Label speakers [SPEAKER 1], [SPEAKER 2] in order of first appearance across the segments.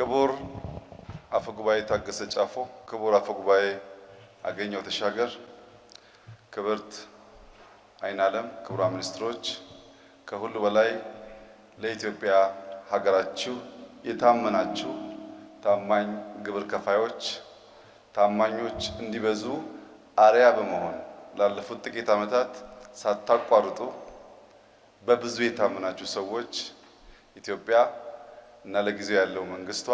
[SPEAKER 1] ክቡር አፈ ጉባኤ ታገሰ ጫፎ፣ ክቡር አፈ ጉባኤ አገኘው ተሻገር፣ ክብርት አይን አለም ክቡራን ሚኒስትሮች፣ ከሁሉ በላይ ለኢትዮጵያ ሀገራችሁ የታመናችሁ ታማኝ ግብር ከፋዮች፣ ታማኞች እንዲበዙ አርያ በመሆን ላለፉት ጥቂት ዓመታት ሳታቋርጡ በብዙ የታመናችሁ ሰዎች ኢትዮጵያ እና ለጊዜው ያለው መንግስቷ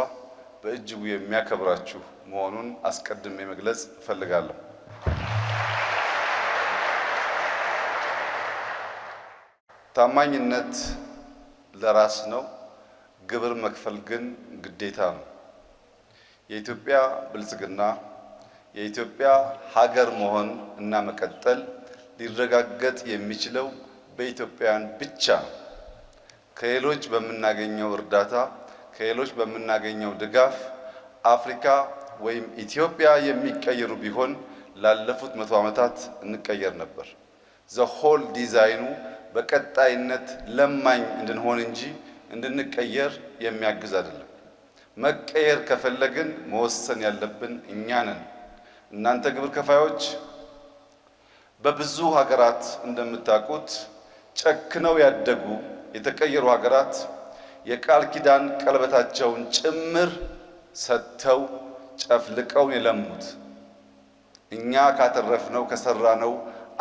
[SPEAKER 1] በእጅጉ የሚያከብራችሁ መሆኑን አስቀድሜ መግለጽ እፈልጋለሁ። ታማኝነት ለራስ ነው፣ ግብር መክፈል ግን ግዴታ ነው። የኢትዮጵያ ብልጽግና የኢትዮጵያ ሀገር መሆን እና መቀጠል ሊረጋገጥ የሚችለው በኢትዮጵያውያን ብቻ ነው። ከሌሎች በምናገኘው እርዳታ ከሌሎች በምናገኘው ድጋፍ አፍሪካ ወይም ኢትዮጵያ የሚቀየሩ ቢሆን ላለፉት መቶ ዓመታት እንቀየር ነበር። ዘሆል ዲዛይኑ በቀጣይነት ለማኝ እንድንሆን እንጂ እንድንቀየር የሚያግዝ አይደለም። መቀየር ከፈለግን መወሰን ያለብን እኛ ነን። እናንተ ግብር ከፋዮች በብዙ ሀገራት እንደምታውቁት ጨክነው ያደጉ የተቀየሩ ሀገራት የቃል ኪዳን ቀለበታቸውን ጭምር ሰጥተው ጨፍልቀው የለሙት። እኛ ካተረፍነው ከሰራነው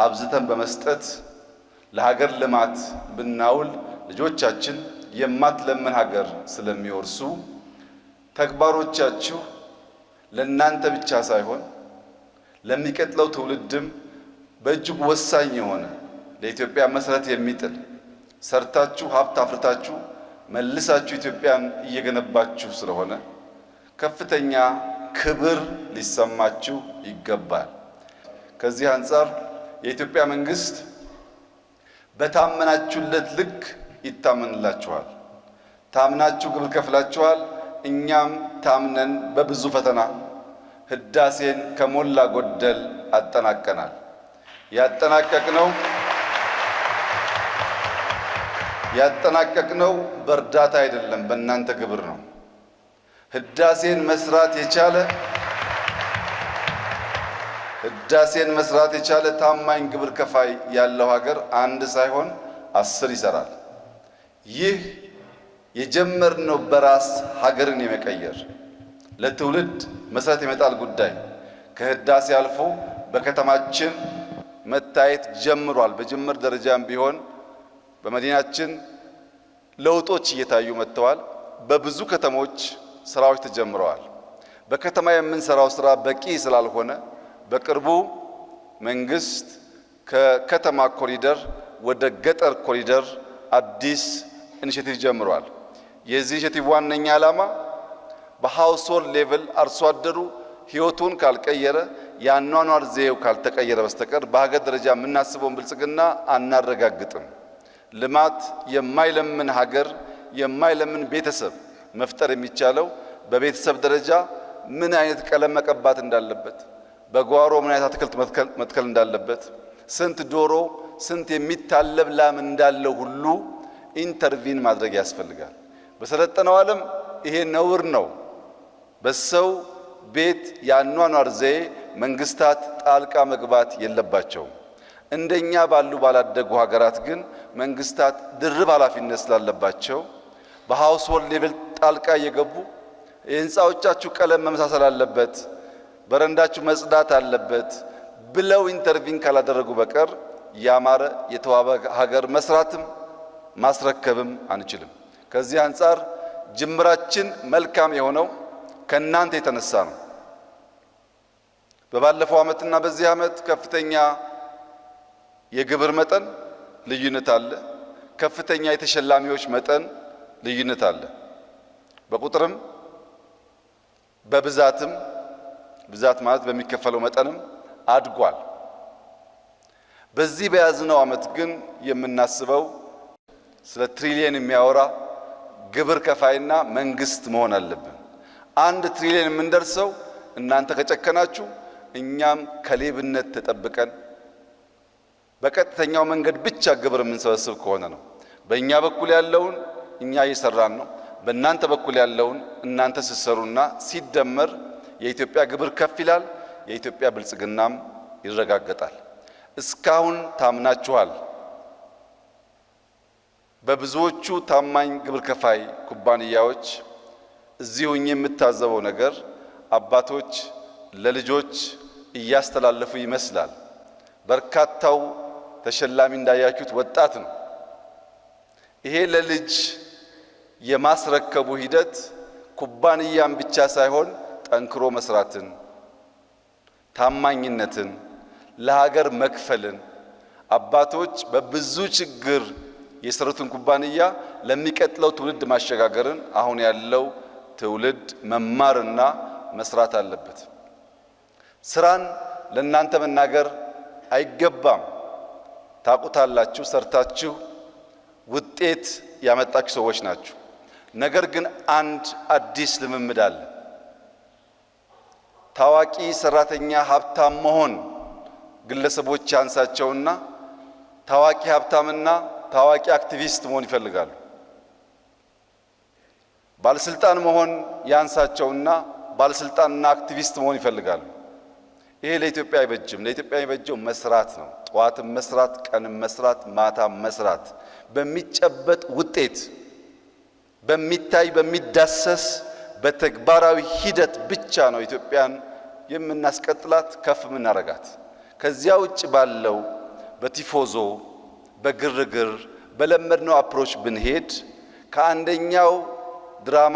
[SPEAKER 1] አብዝተን በመስጠት ለሀገር ልማት ብናውል ልጆቻችን ለምን ሀገር ስለሚወርሱ ተግባሮቻችሁ ለእናንተ ብቻ ሳይሆን ለሚቀጥለው ትውልድም በእጅጉ ወሳኝ የሆነ ለኢትዮጵያ መሰረት የሚጥል ሰርታችሁ ሀብት አፍርታችሁ መልሳችሁ ኢትዮጵያን እየገነባችሁ ስለሆነ ከፍተኛ ክብር ሊሰማችሁ ይገባል። ከዚህ አንጻር የኢትዮጵያ መንግስት በታመናችሁለት ልክ ይታመንላችኋል። ታምናችሁ ግብር ከፍላችኋል። እኛም ታምነን በብዙ ፈተና ህዳሴን ከሞላ ጎደል አጠናቀናል። ያጠናቀቅነው ያጠናቀቅነው በእርዳታ አይደለም፣ በእናንተ ግብር ነው። ህዳሴን መስራት የቻለ ህዳሴን መስራት የቻለ ታማኝ ግብር ከፋይ ያለው ሀገር አንድ ሳይሆን አስር ይሰራል። ይህ የጀመርነው በራስ ሀገርን የመቀየር ለትውልድ መሰረት የመጣል ጉዳይ ከህዳሴ አልፎ በከተማችን መታየት ጀምሯል። በጅምር ደረጃም ቢሆን በመዲናችን ለውጦች እየታዩ መጥተዋል። በብዙ ከተሞች ስራዎች ተጀምረዋል። በከተማ የምንሰራው ስራ በቂ ስላልሆነ በቅርቡ መንግስት ከከተማ ኮሪደር ወደ ገጠር ኮሪደር አዲስ ኢኒሽቲቭ ጀምሯል። የዚህ ኢኒሽቲቭ ዋነኛ ዓላማ በሃውስሆልድ ሌቭል አርሶ አደሩ ህይወቱን ካልቀየረ የአኗኗር ዘዬው ካልተቀየረ በስተቀር በሀገር ደረጃ የምናስበውን ብልጽግና አናረጋግጥም። ልማት የማይለምን ሀገር የማይለምን ቤተሰብ መፍጠር የሚቻለው በቤተሰብ ደረጃ ምን አይነት ቀለም መቀባት እንዳለበት፣ በጓሮ ምን አይነት አትክልት መትከል እንዳለበት፣ ስንት ዶሮ ስንት የሚታለብ ላም እንዳለው ሁሉ ኢንተርቪን ማድረግ ያስፈልጋል። በሰለጠነው ዓለም ይሄ ነውር ነው። በሰው ቤት የአኗኗር ዘዬ መንግስታት ጣልቃ መግባት የለባቸውም። እንደኛ ባሉ ባላደጉ ሀገራት ግን መንግስታት ድርብ ኃላፊነት ስላለባቸው በሃውስ በሃውስሆልድ ሌቭል ጣልቃ እየገቡ የህንፃዎቻችሁ ቀለም መመሳሰል አለበት፣ በረንዳችሁ መጽዳት አለበት ብለው ኢንተርቪን ካላደረጉ በቀር ያማረ የተዋበ ሀገር መስራትም ማስረከብም አንችልም። ከዚህ አንጻር ጅምራችን መልካም የሆነው ከእናንተ የተነሳ ነው። በባለፈው ዓመትና በዚህ ዓመት ከፍተኛ የግብር መጠን ልዩነት አለ። ከፍተኛ የተሸላሚዎች መጠን ልዩነት አለ። በቁጥርም በብዛትም ብዛት ማለት በሚከፈለው መጠንም አድጓል። በዚህ በያዝነው ዓመት ግን የምናስበው ስለ ትሪሊየን የሚያወራ ግብር ከፋይና መንግስት መሆን አለብን። አንድ ትሪሊየን የምንደርሰው እናንተ ከጨከናችሁ፣ እኛም ከሌብነት ተጠብቀን በቀጥተኛው መንገድ ብቻ ግብር የምንሰበስብ ከሆነ ነው። በእኛ በኩል ያለውን እኛ እየሰራን ነው። በእናንተ በኩል ያለውን እናንተ ስትሰሩና ሲደመር የኢትዮጵያ ግብር ከፍ ይላል፣ የኢትዮጵያ ብልጽግናም ይረጋገጣል። እስካሁን ታምናችኋል። በብዙዎቹ ታማኝ ግብር ከፋይ ኩባንያዎች እዚሁኝ የምታዘበው ነገር አባቶች ለልጆች እያስተላለፉ ይመስላል። በርካታው ተሸላሚ እንዳያችሁት ወጣት ነው። ይሄ ለልጅ የማስረከቡ ሂደት ኩባንያን ብቻ ሳይሆን ጠንክሮ መስራትን፣ ታማኝነትን፣ ለሀገር መክፈልን አባቶች በብዙ ችግር የሰሩትን ኩባንያ ለሚቀጥለው ትውልድ ማሸጋገርን አሁን ያለው ትውልድ መማርና መስራት አለበት። ስራን ለእናንተ መናገር አይገባም። ታቁታላችሁ፣ ሰርታችሁ ውጤት ያመጣችሁ ሰዎች ናችሁ። ነገር ግን አንድ አዲስ ልምምድ አለ። ታዋቂ ሰራተኛ ሀብታም መሆን ግለሰቦች ያንሳቸውና ታዋቂ ሀብታምና ታዋቂ አክቲቪስት መሆን ይፈልጋሉ። ባለስልጣን መሆን ያንሳቸውና ባለስልጣንና አክቲቪስት መሆን ይፈልጋሉ። ይሄ ለኢትዮጵያ አይበጅም። ለኢትዮጵያ የሚበጀው መስራት ነው። ጠዋትም መስራት፣ ቀንም መስራት፣ ማታም መስራት በሚጨበጥ ውጤት በሚታይ በሚዳሰስ በተግባራዊ ሂደት ብቻ ነው ኢትዮጵያን የምናስቀጥላት ከፍ የምናረጋት። ከዚያ ውጭ ባለው በቲፎዞ በግርግር በለመድነው አፕሮች ብንሄድ ከአንደኛው ድራማ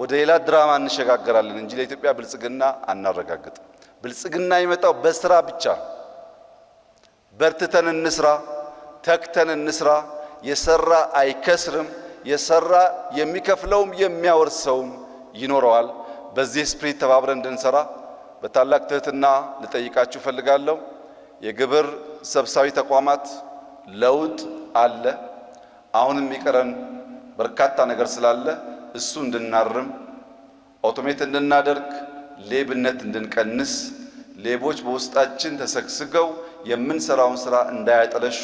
[SPEAKER 1] ወደ ሌላ ድራማ እንሸጋገራለን እንጂ ለኢትዮጵያ ብልጽግና አናረጋግጥም። ብልጽግና የመጣው በስራ ብቻ። በርትተን እንስራ፣ ተክተን እንስራ። የሰራ አይከስርም፣ የሰራ የሚከፍለውም የሚያወርሰውም ይኖረዋል። በዚህ ስፕሪት ተባብረን እንድንሰራ በታላቅ ትህትና ልጠይቃችሁ እፈልጋለሁ። የግብር ሰብሳቢ ተቋማት ለውጥ አለ። አሁን የሚቀረን በርካታ ነገር ስላለ እሱ እንድናርም አውቶሜት እንድናደርግ ሌብነት እንድንቀንስ ሌቦች በውስጣችን ተሰግስገው የምንሰራውን ስራ እንዳያጠለሹ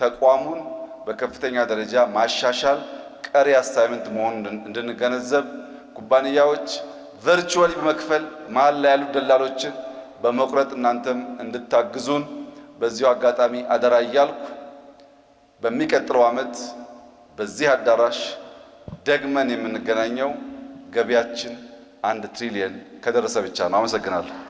[SPEAKER 1] ተቋሙን በከፍተኛ ደረጃ ማሻሻል ቀሪ አሳይመንት መሆኑን እንድንገነዘብ ኩባንያዎች ቨርቹዋሊ በመክፈል መሀል ላይ ያሉት ደላሎችን በመቁረጥ እናንተም እንድታግዙን በዚሁ አጋጣሚ አደራ እያልኩ በሚቀጥለው ዓመት በዚህ አዳራሽ ደግመን የምንገናኘው ገቢያችን አንድ ትሪሊየን ከደረሰ ብቻ ነው። አመሰግናለሁ።